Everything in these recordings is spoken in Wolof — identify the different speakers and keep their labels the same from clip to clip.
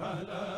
Speaker 1: ala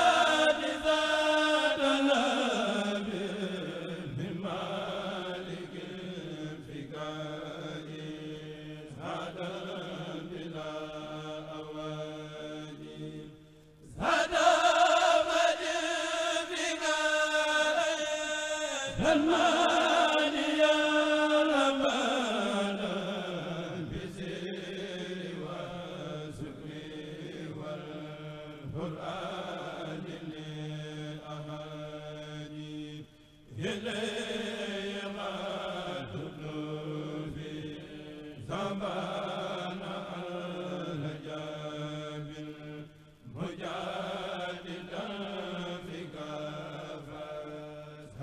Speaker 2: Allah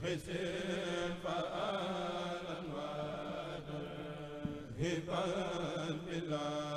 Speaker 1: فأنا